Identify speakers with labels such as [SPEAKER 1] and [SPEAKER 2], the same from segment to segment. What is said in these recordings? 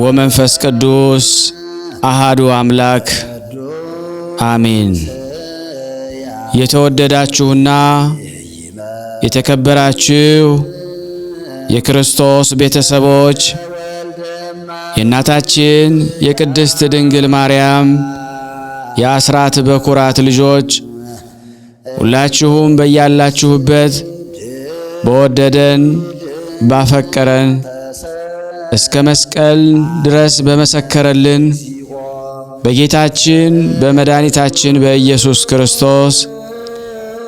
[SPEAKER 1] ወመንፈስ ቅዱስ አሃዱ አምላክ አሜን። የተወደዳችሁና የተከበራችሁ የክርስቶስ ቤተሰቦች የእናታችን የቅድስት ድንግል ማርያም የአስራት በኩራት ልጆች ሁላችሁም በያላችሁበት በወደደን ባፈቀረን እስከ መስቀል ድረስ በመሰከረልን በጌታችን በመድኃኒታችን በኢየሱስ ክርስቶስ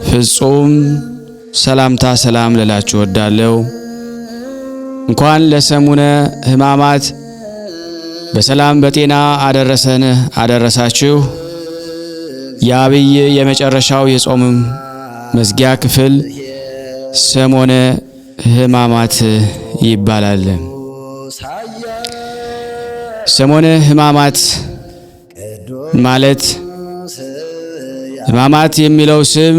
[SPEAKER 1] ፍጹም ሰላምታ ሰላም ልላችሁ እወዳለሁ። እንኳን ለሰሙነ ሕማማት በሰላም በጤና አደረሰን አደረሳችሁ። የአብይ የመጨረሻው የጾም መዝጊያ ክፍል ሰሞነ ሕማማት ይባላል። ሰሞነ ሕማማት ማለት ሕማማት የሚለው ስም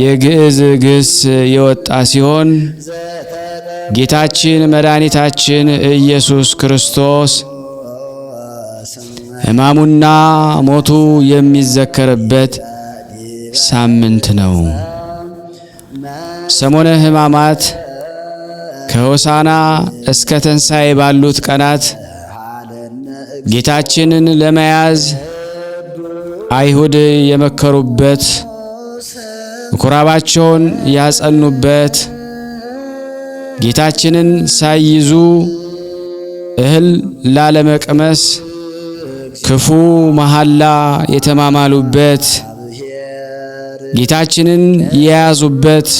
[SPEAKER 1] የግዕዝ ግስ የወጣ ሲሆን ጌታችን መድኃኒታችን ኢየሱስ ክርስቶስ ሕማሙና ሞቱ የሚዘከርበት ሳምንት ነው። ሰሞነ ሕማማት ከሆሳና እስከ ተንሣኤ ባሉት ቀናት ጌታችንን ለመያዝ አይሁድ የመከሩበት ምኩራባቸውን ያጸኑበት ጌታችንን ሳይይዙ እህል ላለመቅመስ ክፉ መሐላ የተማማሉበት ጌታችንን የያዙበት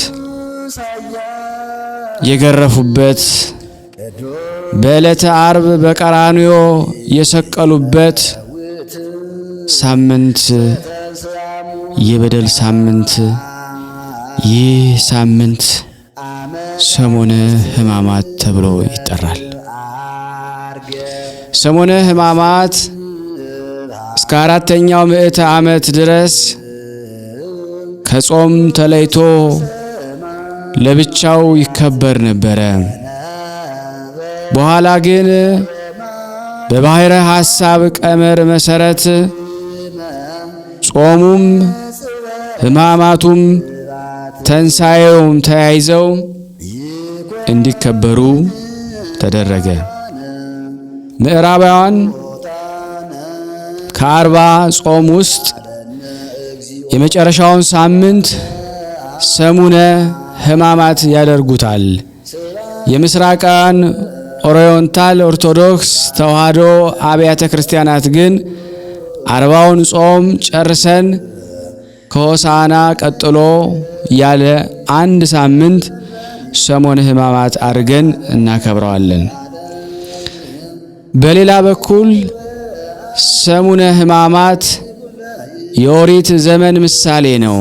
[SPEAKER 1] የገረፉበት በዕለተ አርብ በቀራንዮ የሰቀሉበት ሳምንት የበደል ሳምንት፣ ይህ ሳምንት ሰሞነ ሕማማት ተብሎ ይጠራል። ሰሞነ ሕማማት እስከ አራተኛው ምዕተ ዓመት ድረስ ከጾም ተለይቶ ለብቻው ይከበር ነበረ። በኋላ ግን በባሕረ ሐሳብ ቀመር መሠረት ጾሙም ሕማማቱም ተንሣኤውም ተያይዘው እንዲከበሩ ተደረገ። ምዕራባውያን ከአርባ ጾም ውስጥ የመጨረሻውን ሳምንት ሰሙነ ሕማማት ያደርጉታል። የምስራቃን ኦሪዮንታል ኦርቶዶክስ ተዋህዶ አብያተ ክርስቲያናት ግን አርባውን ጾም ጨርሰን ከሆሳና ቀጥሎ ያለ አንድ ሳምንት ሰሞነ ሕማማት አድርገን እናከብረዋለን። በሌላ በኩል ሰሙነ ሕማማት የኦሪት ዘመን ምሳሌ ነው።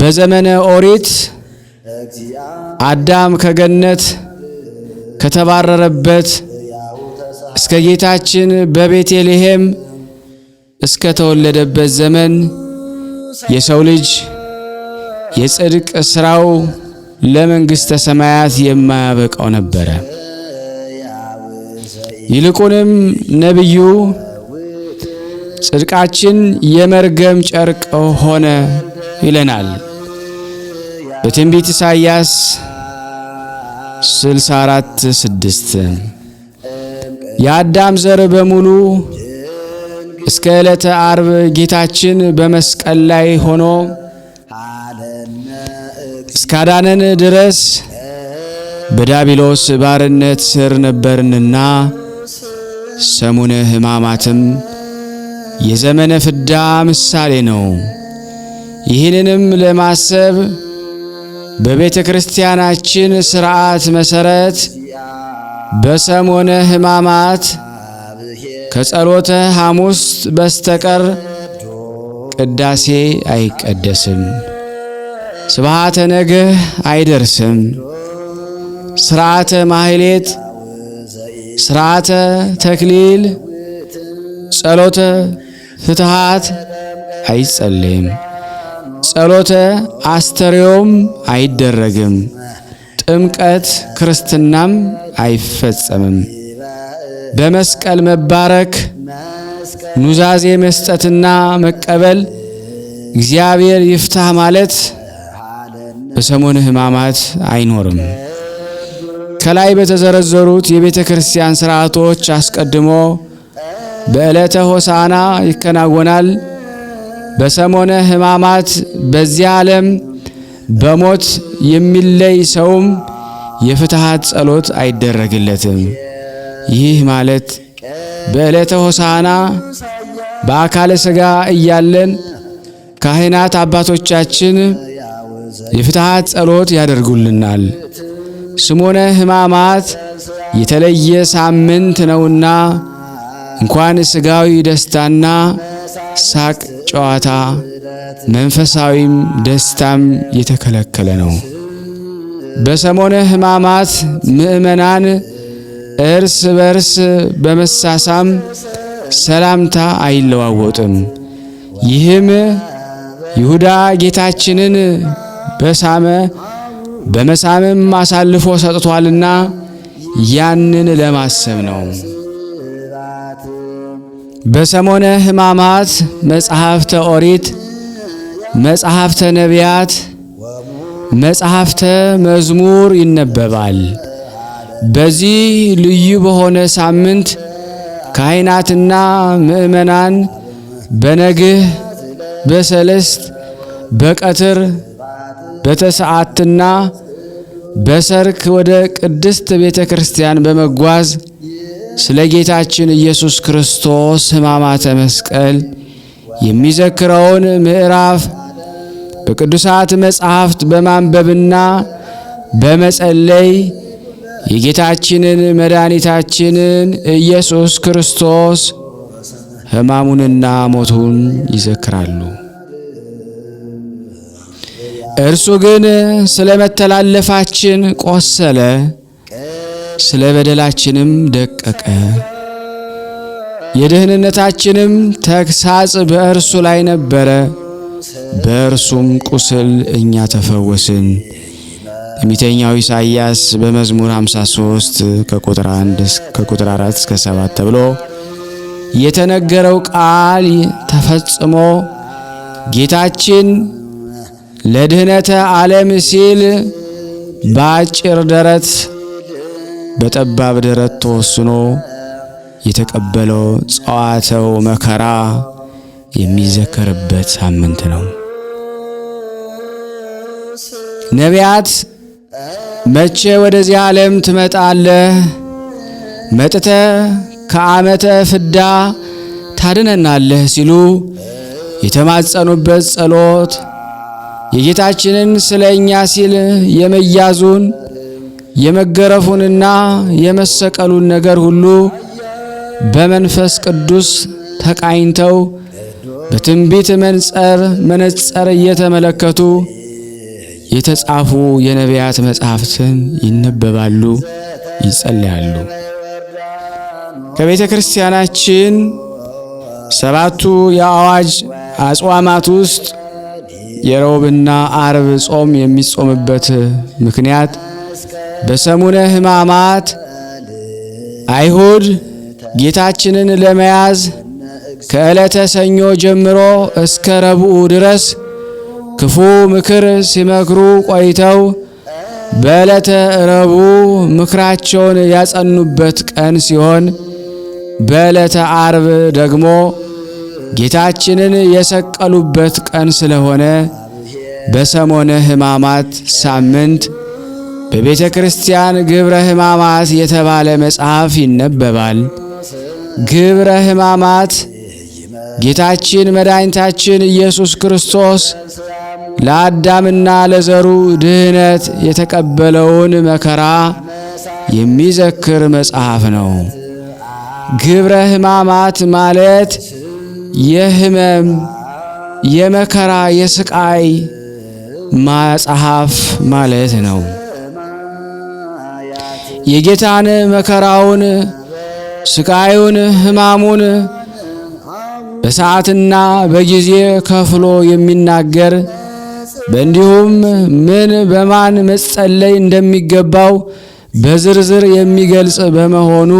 [SPEAKER 1] በዘመነ ኦሪት አዳም ከገነት ከተባረረበት እስከ ጌታችን በቤተልሔም እስከ ተወለደበት ዘመን የሰው ልጅ የጽድቅ ስራው ለመንግሥተ ሰማያት የማያበቃው ነበረ። ይልቁንም ነቢዩ ጽድቃችን የመርገም ጨርቅ ሆነ ይለናል በትንቢት ኢሳይያስ 64 ስድስት የአዳም ዘር በሙሉ እስከ ዕለተ አርብ ጌታችን በመስቀል ላይ ሆኖ እስካዳነን ድረስ በዳቢሎስ ባርነት ስር ነበርንና ሰሙነ ሕማማትም የዘመነ ፍዳ ምሳሌ ነው። ይህንንም ለማሰብ በቤተ ክርስቲያናችን ሥርዓት መሠረት በሰሞነ ሕማማት ከጸሎተ ሐሙስ በስተቀር ቅዳሴ አይቀደስም፣ ስብሃተ ነግህ አይደርስም፣ ሥርዓተ ማህሌት፣ ሥርዓተ ተክሊል፣ ጸሎተ ፍትሃት አይጸለይም። ጸሎተ አስተርእዮም አይደረግም። ጥምቀት ክርስትናም አይፈጸምም። በመስቀል መባረክ ኑዛዜ መስጠትና መቀበል እግዚአብሔር ይፍታህ ማለት በሰሞነ ሕማማት አይኖርም። ከላይ በተዘረዘሩት የቤተ ክርስቲያን ሥርዓቶች አስቀድሞ በዕለተ ሆሳና ይከናወናል። በሰሞነ ሕማማት በዚያ ዓለም በሞት የሚለይ ሰውም የፍትሐት ጸሎት አይደረግለትም። ይህ ማለት በዕለተ ሆሳና በአካለ ሥጋ እያለን ካህናት አባቶቻችን የፍትሐት ጸሎት ያደርጉልናል። ስሞነ ሕማማት የተለየ ሳምንት ነውና እንኳን ሥጋዊ ደስታና ሳቅ ጨዋታ፣ መንፈሳዊም ደስታም የተከለከለ ነው። በሰሞነ ሕማማት ምእመናን እርስ በርስ በመሳሳም ሰላምታ አይለዋወጥም። ይህም ይሁዳ ጌታችንን በሳመ በመሳምም አሳልፎ ሰጥቷልና ያንን ለማሰብ ነው። በሰሞነ ሕማማት መጽሐፍተ ኦሪት፣ መጽሐፍተ ነቢያት፣ መጽሐፍተ መዝሙር ይነበባል። በዚህ ልዩ በሆነ ሳምንት ካህናትና ምእመናን በነግህ በሰለስት በቀትር በተሰዓትና በሰርክ ወደ ቅድስት ቤተ ክርስቲያን በመጓዝ ስለ ጌታችን ኢየሱስ ክርስቶስ ሕማማተ መስቀል የሚዘክረውን ምዕራፍ በቅዱሳት መጻሕፍት በማንበብና በመጸለይ የጌታችንን መድኃኒታችንን ኢየሱስ ክርስቶስ ሕማሙንና ሞቱን ይዘክራሉ። እርሱ ግን ስለ መተላለፋችን ቆሰለ ስለ በደላችንም ደቀቀ፣ የደህንነታችንም ተግሳጽ በእርሱ ላይ ነበረ፣ በእርሱም ቁስል እኛ ተፈወስን። ትንቢተኛው ኢሳይያስ በመዝሙር 53 ከቁጥር 1 እስከ ቁጥር 4 እስከ 7 ተብሎ የተነገረው ቃል ተፈጽሞ ጌታችን ለድኅነተ ዓለም ሲል በአጭር ደረት በጠባብ ደረት ተወስኖ የተቀበለው ጸዋተው መከራ የሚዘከርበት ሳምንት ነው። ነቢያት መቼ ወደዚህ ዓለም ትመጣለህ? መጥተ ከዓመተ ፍዳ ታድነናለህ ሲሉ የተማጸኑበት ጸሎት የጌታችንን ስለ እኛ ሲል የመያዙን የመገረፉንና የመሰቀሉን ነገር ሁሉ በመንፈስ ቅዱስ ተቃኝተው በትንቢት መንጸር መነጸር እየተመለከቱ የተጻፉ የነቢያት መጻሕፍትን ይነበባሉ፣ ይጸለያሉ። ከቤተ ክርስቲያናችን ሰባቱ የአዋጅ አጽዋማት ውስጥ የረቡዕና አርብ ጾም የሚጾምበት ምክንያት በሰሙነ ሕማማት አይሁድ ጌታችንን ለመያዝ ከዕለተ ሰኞ ጀምሮ እስከ ረቡዕ ድረስ ክፉ ምክር ሲመክሩ ቆይተው በዕለተ ረቡዕ ምክራቸውን ያጸኑበት ቀን ሲሆን በዕለተ አርብ ደግሞ ጌታችንን የሰቀሉበት ቀን ስለሆነ በሰሞነ ሕማማት ሳምንት በቤተ ክርስቲያን ግብረ ሕማማት የተባለ መጽሐፍ ይነበባል። ግብረ ሕማማት ጌታችን መድኃኒታችን ኢየሱስ ክርስቶስ ለአዳምና ለዘሩ ድህነት የተቀበለውን መከራ የሚዘክር መጽሐፍ ነው። ግብረ ሕማማት ማለት የህመም የመከራ፣ የስቃይ መጽሐፍ ማለት ነው። የጌታን መከራውን ስቃዩን ሕማሙን በሰዓትና በጊዜ ከፍሎ የሚናገር በእንዲሁም ምን በማን መጸለይ እንደሚገባው በዝርዝር የሚገልጽ በመሆኑ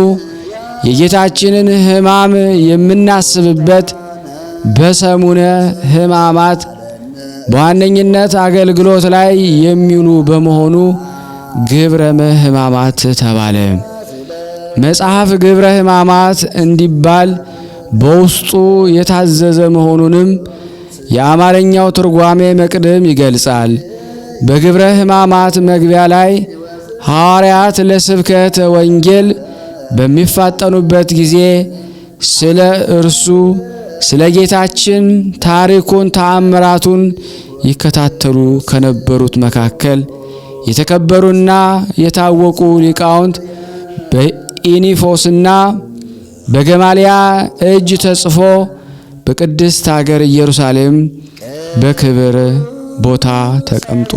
[SPEAKER 1] የጌታችንን ሕማም የምናስብበት በሰሙነ ሕማማት በዋነኝነት አገልግሎት ላይ የሚውሉ በመሆኑ ግብረ ሕማማት ተባለ። መጽሐፍ ግብረ ሕማማት እንዲባል በውስጡ የታዘዘ መሆኑንም የአማርኛው ትርጓሜ መቅድም ይገልጻል። በግብረ ሕማማት መግቢያ ላይ ሐዋርያት ለስብከተ ወንጌል በሚፋጠኑበት ጊዜ ስለ እርሱ ስለ ጌታችን ታሪኩን፣ ተአምራቱን ይከታተሉ ከነበሩት መካከል የተከበሩና የታወቁ ሊቃውንት በኢኒፎስና በገማሊያ እጅ ተጽፎ በቅድስት አገር ኢየሩሳሌም በክብር ቦታ ተቀምጦ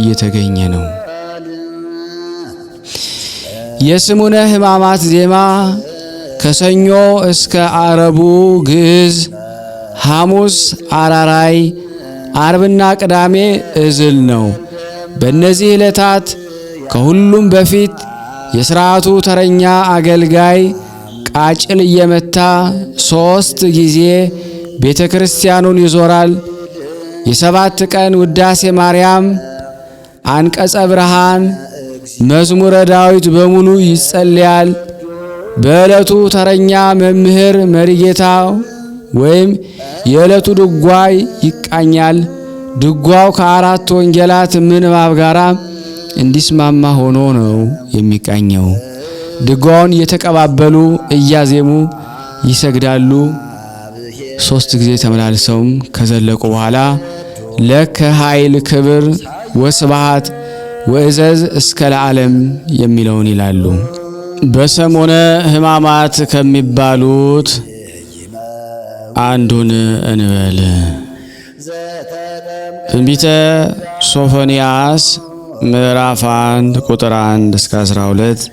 [SPEAKER 1] እየተገኘ ነው። የስሙነ ሕማማት ዜማ ከሰኞ እስከ አረቡ ግዕዝ፣ ሐሙስ አራራይ፣ አርብና ቅዳሜ እዝል ነው። በእነዚህ ዕለታት ከሁሉም በፊት የሥርዓቱ ተረኛ አገልጋይ ቃጭል እየመታ ሦስት ጊዜ ቤተ ክርስቲያኑን ይዞራል። የሰባት ቀን ውዳሴ ማርያም፣ አንቀጸ ብርሃን፣ መዝሙረ ዳዊት በሙሉ ይጸልያል። በዕለቱ ተረኛ መምህር መሪጌታ ወይም የዕለቱ ድጓይ ይቃኛል። ድጓው ከአራት ወንጌላት ምንባብ ጋር እንዲስማማ ሆኖ ነው የሚቃኘው። ድጓውን እየተቀባበሉ እያዜሙ ይሰግዳሉ። ሶስት ጊዜ ተመላልሰውም ከዘለቁ በኋላ ለከ ኃይል ክብር ወስብሐት ወእዘዝ እስከ ለዓለም የሚለውን ይላሉ። በሰሞነ ሕማማት ከሚባሉት አንዱን እንበል። ትንቢተ ሶፎንያስ ምዕራፍ 1 ቁጥር 1 እስከ 12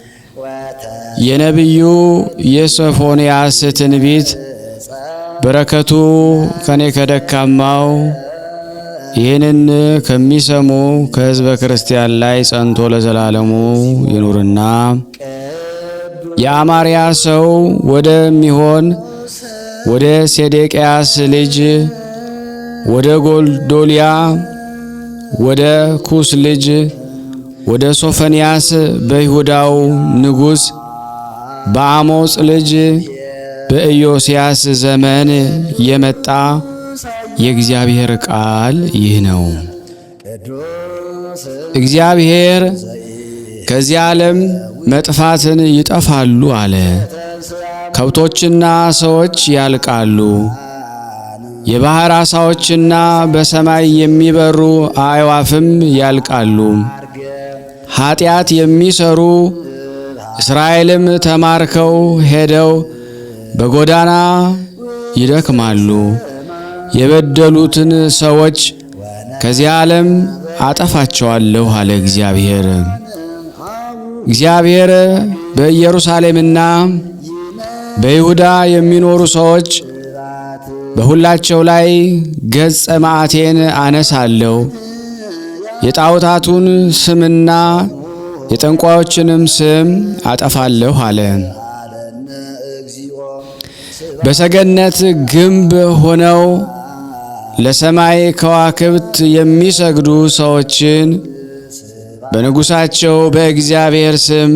[SPEAKER 1] የነቢዩ የሶፎንያስ ትንቢት በረከቱ ከኔ ከደካማው ይህንን ከሚሰሙ ከሕዝበ ክርስቲያን ላይ ጸንቶ ለዘላለሙ ይኑርና የአማርያ ሰው ወደሚሆን ወደ ሴዴቅያስ ልጅ ወደ ጎልዶልያ ወደ ኩስ ልጅ ወደ ሶፈንያስ በይሁዳው ንጉሥ በአሞጽ ልጅ በኢዮስያስ ዘመን የመጣ የእግዚአብሔር ቃል ይህ ነው። እግዚአብሔር ከዚህ ዓለም መጥፋትን ይጠፋሉ አለ። ከብቶችና ሰዎች ያልቃሉ፣ የባህር ዓሣዎችና በሰማይ የሚበሩ አእዋፍም ያልቃሉ። ኀጢአት የሚሰሩ እስራኤልም ተማርከው ሄደው በጎዳና ይደክማሉ። የበደሉትን ሰዎች ከዚያ ዓለም አጠፋቸዋለሁ አለ እግዚአብሔር። እግዚአብሔር በኢየሩሳሌምና በይሁዳ የሚኖሩ ሰዎች በሁላቸው ላይ ገጸ መዓቴን አነሳለሁ። የጣዖታቱን ስምና የጠንቋዮችንም ስም አጠፋለሁ አለ። በሰገነት ግንብ ሆነው ለሰማይ ከዋክብት የሚሰግዱ ሰዎችን በንጉሳቸው በእግዚአብሔር ስም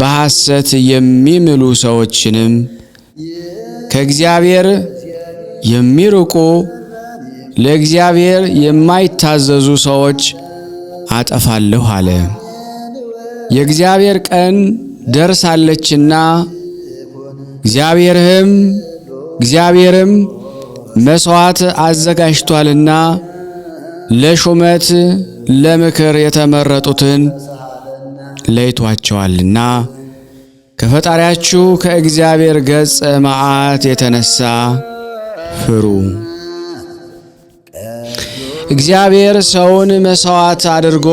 [SPEAKER 1] በሐሰት የሚምሉ ሰዎችንም ከእግዚአብሔር የሚርቁ ለእግዚአብሔር የማይታዘዙ ሰዎች አጠፋለሁ አለ። የእግዚአብሔር ቀን ደርሳለችና እግዚአብሔርህም እግዚአብሔርም መሥዋዕት አዘጋጅቷልና ለሹመት ለምክር የተመረጡትን ለይቷቸዋልና ከፈጣሪያችሁ ከእግዚአብሔር ገጸ መዓት የተነሳ ፍሩ። እግዚአብሔር ሰውን መሥዋዕት አድርጎ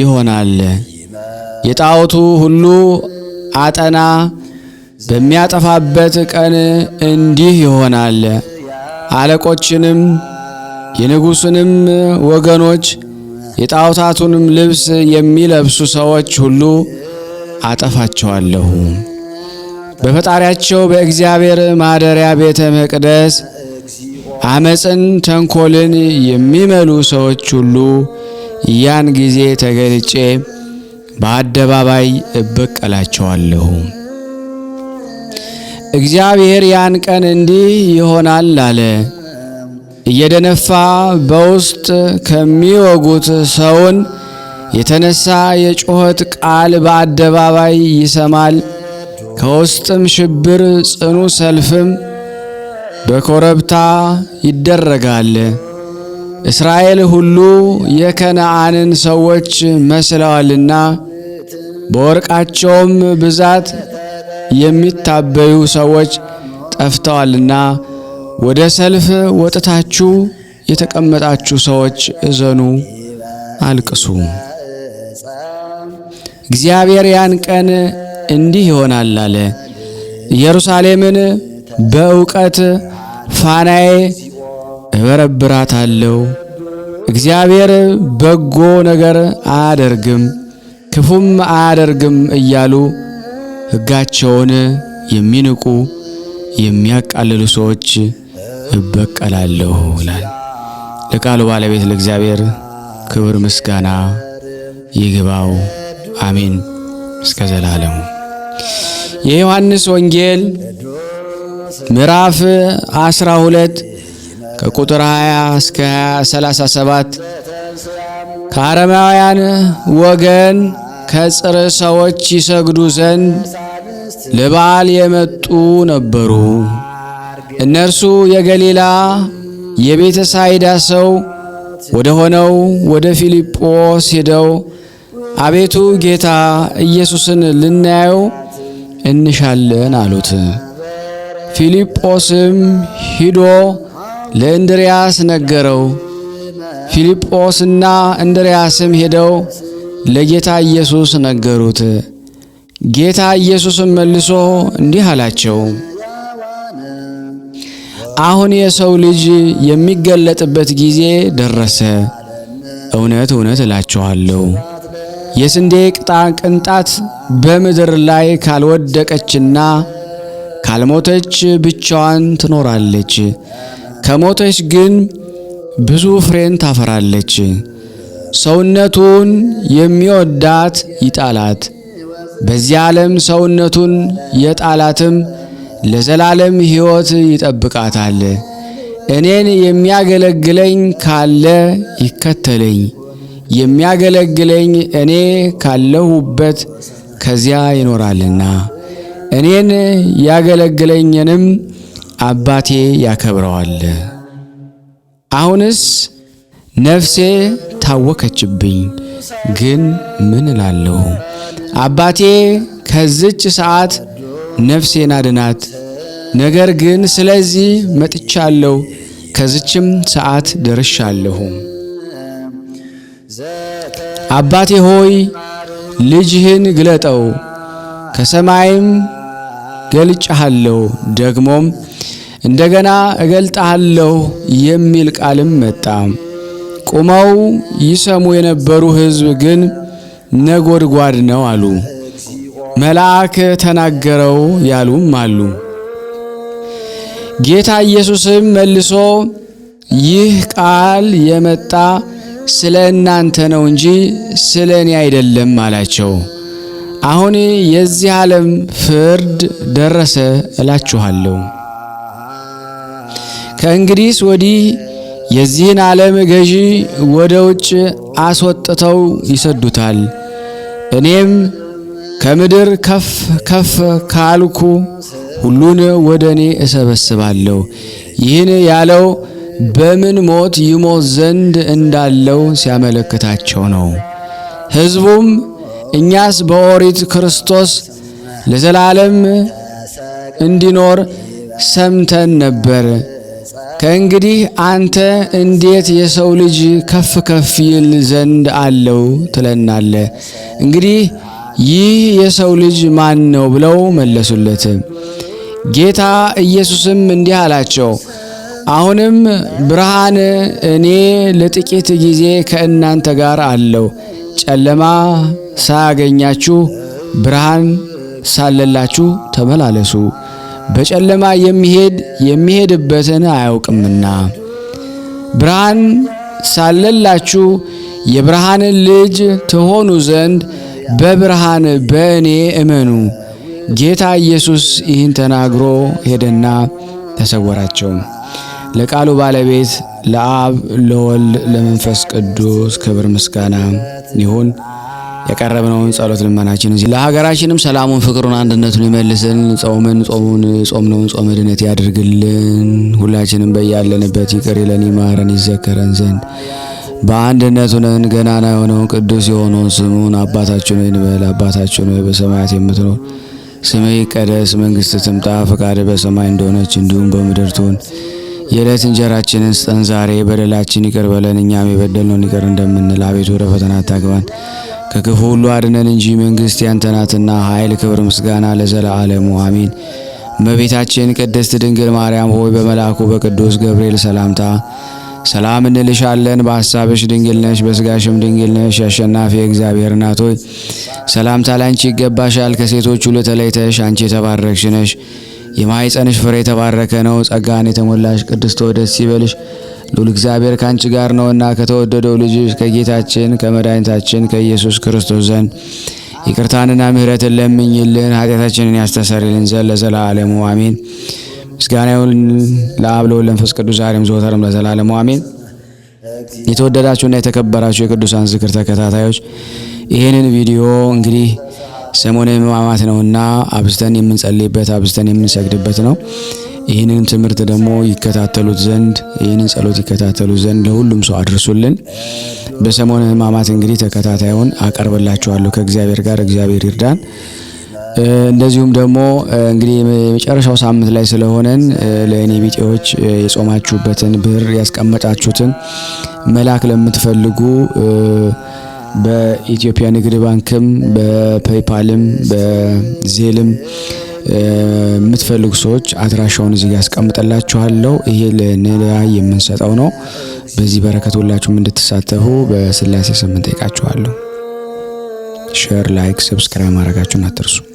[SPEAKER 1] ይሆናል። የጣዖቱ ሁሉ አጠና በሚያጠፋበት ቀን እንዲህ ይሆናል። አለቆችንም የንጉሥንም ወገኖች የጣዖታቱንም ልብስ የሚለብሱ ሰዎች ሁሉ አጠፋቸዋለሁ። በፈጣሪያቸው በእግዚአብሔር ማደሪያ ቤተ መቅደስ አመፅን፣ ተንኮልን የሚመሉ ሰዎች ሁሉ ያን ጊዜ ተገልጬ በአደባባይ እበቀላቸዋለሁ። እግዚአብሔር ያን ቀን እንዲህ ይሆናል አለ። እየደነፋ በውስጥ ከሚወጉት ሰውን የተነሳ የጩኸት ቃል በአደባባይ ይሰማል። ከውስጥም ሽብር ጽኑ ሰልፍም በኮረብታ ይደረጋል። እስራኤል ሁሉ የከነአንን ሰዎች መስለዋልና በወርቃቸውም ብዛት የሚታበዩ ሰዎች ጠፍተዋልና ወደ ሰልፍ ወጥታችሁ የተቀመጣችሁ ሰዎች እዘኑ፣ አልቅሱ። እግዚአብሔር ያን ቀን እንዲህ ይሆናል አለ። ኢየሩሳሌምን በእውቀት ፋናዬ እበረብራታለሁ። እግዚአብሔር በጎ ነገር አያደርግም ክፉም አያደርግም እያሉ ሕጋቸውን የሚንቁ የሚያቃልሉ ሰዎች እበቀላለሁ ይላል። ለቃሉ ባለቤት ለእግዚአብሔር ክብር ምስጋና ይግባው። አሜን እስከ ዘላለሙ። የዮሐንስ ወንጌል ምዕራፍ 12 ከቁጥር 20 እስከ 37 ከአረማውያን ወገን ከጽር ሰዎች ይሰግዱ ዘንድ ለበዓል የመጡ ነበሩ። እነርሱ የገሊላ የቤተ ሳይዳ ሰው ወደ ሆነው ወደ ፊልጶስ ሄደው አቤቱ ጌታ ኢየሱስን ልናየው እንሻለን አሉት። ፊልጶስም ሂዶ ለእንድርያስ ነገረው። ፊልጶስና እንድርያስም ሄደው ለጌታ ኢየሱስ ነገሩት። ጌታ ኢየሱስም መልሶ እንዲህ አላቸው፣ አሁን የሰው ልጅ የሚገለጥበት ጊዜ ደረሰ። እውነት እውነት እላችኋለሁ የስንዴ ቅጣ ቅንጣት በምድር ላይ ካልወደቀችና ካልሞተች ብቻዋን ትኖራለች። ከሞተች ግን ብዙ ፍሬን ታፈራለች። ሰውነቱን የሚወዳት ይጣላት፣ በዚህ ዓለም ሰውነቱን የጣላትም ለዘላለም ሕይወት ይጠብቃታል። እኔን የሚያገለግለኝ ካለ ይከተለኝ የሚያገለግለኝ እኔ ካለሁበት ከዚያ ይኖራልና እኔን ያገለግለኝንም አባቴ ያከብረዋል። አሁንስ ነፍሴ ታወከችብኝ፣ ግን ምን እላለሁ? አባቴ ከዝች ሰዓት ነፍሴን አድናት። ነገር ግን ስለዚህ መጥቻለሁ፣ ከዝችም ሰዓት ደርሻለሁ። አባቴ ሆይ ልጅህን ግለጠው፣ ከሰማይም ገልጭሃለሁ፣ ደግሞም እንደገና እገልጣሃለሁ የሚል ቃልም መጣ። ቁመው ይሰሙ የነበሩ ሕዝብ ግን ነጎድጓድ ነው አሉ። መልአክ ተናገረው ያሉም አሉ። ጌታ ኢየሱስም መልሶ ይህ ቃል የመጣ ስለ እናንተ ነው እንጂ ስለ እኔ አይደለም አላቸው። አሁን የዚህ ዓለም ፍርድ ደረሰ እላችኋለሁ። ከእንግዲህስ ወዲህ የዚህን ዓለም ገዢ ወደ ውጭ አስወጥተው ይሰዱታል። እኔም ከምድር ከፍ ከፍ ካልኩ ሁሉን ወደ እኔ እሰበስባለሁ። ይህን ያለው በምን ሞት ይሞት ዘንድ እንዳለው ሲያመለክታቸው ነው። ሕዝቡም እኛስ በኦሪት ክርስቶስ ለዘላለም እንዲኖር ሰምተን ነበር። ከእንግዲህ አንተ እንዴት የሰው ልጅ ከፍ ከፍ ይል ዘንድ አለው ትለናለ? እንግዲህ ይህ የሰው ልጅ ማን ነው ብለው መለሱለት። ጌታ ኢየሱስም እንዲህ አላቸው አሁንም ብርሃን እኔ ለጥቂት ጊዜ ከእናንተ ጋር አለው፣ ጨለማ ሳያገኛችሁ ብርሃን ሳለላችሁ ተመላለሱ። በጨለማ የሚሄድ የሚሄድበትን አያውቅምና ብርሃን ሳለላችሁ የብርሃንን ልጅ ትሆኑ ዘንድ በብርሃን በእኔ እመኑ። ጌታ ኢየሱስ ይህን ተናግሮ ሄደና ተሰወራቸው። ለቃሉ ባለቤት ለአብ ለወልድ ለመንፈስ ቅዱስ ክብር ምስጋና ይሁን። የቀረብነውን ጸሎት ልመናችን እዚህ ለሀገራችንም ሰላሙን፣ ፍቅሩን፣ አንድነቱን ይመልስን። ጾምን ጾሙን ጾምነውን ጾመ ድነት ያድርግልን። ሁላችንም በያለንበት ይቅር ይለን ይማረን ይዘከረን ዘንድ በአንድነቱ ነን። ገናና የሆነውን ቅዱስ የሆነውን ስሙን አባታችን ሆይ እንበል። አባታችን ሆይ በሰማያት የምትኖር ስምህ ይቀደስ፣ መንግስት ትምጣ፣ ፈቃድ በሰማይ እንደሆነች እንዲሁም በምድር ትሁን የዕለት እንጀራችንን ስጠን ዛሬ፣ በደላችን ይቅር በለን እኛም የበደልነውን ይቅር እንደምንል። አቤቱ ወደ ፈተና አታግባን ከክፉ ሁሉ አድነን እንጂ መንግሥት ያንተ ናትና፣ ኃይል፣ ክብር፣ ምስጋና ለዘላለሙ አሜን። እመቤታችን ቅድስት ድንግል ማርያም ሆይ በመልአኩ በቅዱስ ገብርኤል ሰላምታ ሰላም እንልሻለን። በሐሳብሽ ድንግል ነሽ፣ በሥጋሽም ድንግል ነሽ። አሸናፊ እግዚአብሔር እናት ሆይ ሰላምታ ላንቺ ይገባሻል። ከሴቶች ሁሉ ተለይተሽ አንቺ የተባረክሽ ነሽ። የማኅፀንሽ ፍሬ የተባረከ ነው። ጸጋን የተሞላሽ ቅድስት ሆይ ደስ ይበልሽ፣ እግዚአብሔር ካንቺ ጋር ነውና ከተወደደው ልጅሽ ከጌታችን ከመድኃኒታችን ከኢየሱስ ክርስቶስ ዘንድ ይቅርታንና ምሕረትን ለምኝልን ኃጢአታችንን ያስተሰርልን ዘንድ ለዘላለሙ አሜን። ምስጋና ይሁን ለአብ ለወልድ ለመንፈስ ቅዱስ ዛሬም ዘወትርም ለዘላለሙ አሜን። የተወደዳችሁና የተከበራችሁ የቅዱሳን ዝክር ተከታታዮች ይህንን ቪዲዮ እንግዲህ ሰሞነ ሕማማት ነውና አብዝተን የምንጸልይበት አብዝተን የምንሰግድበት ነው። ይህንን ትምህርት ደግሞ ይከታተሉት ዘንድ ይህንን ጸሎት ይከታተሉት ዘንድ ለሁሉም ሰው አድርሱልን። በሰሞነ ሕማማት እንግዲህ ተከታታዩን አቀርብላችኋለሁ ከእግዚአብሔር ጋር እግዚአብሔር ይርዳን። እንደዚሁም ደግሞ እንግዲህ የመጨረሻው ሳምንት ላይ ስለሆነን ለእኔ ቢጤዎች የጾማችሁበትን ብር ያስቀመጣችሁትን መላክ ለምትፈልጉ በኢትዮጵያ ንግድ ባንክም በፔይፓልም በዜልም የምትፈልጉ ሰዎች አድራሻውን እዚህ ያስቀምጠላችኋለሁ። ይሄ ለነዳ የምንሰጠው ነው። በዚህ በረከት ሁላችሁም እንድትሳተፉ በስላሴ ስም ጠይቃችኋለሁ። ሼር፣ ላይክ፣ ሰብስክራይብ ማድረጋችሁን አትርሱ።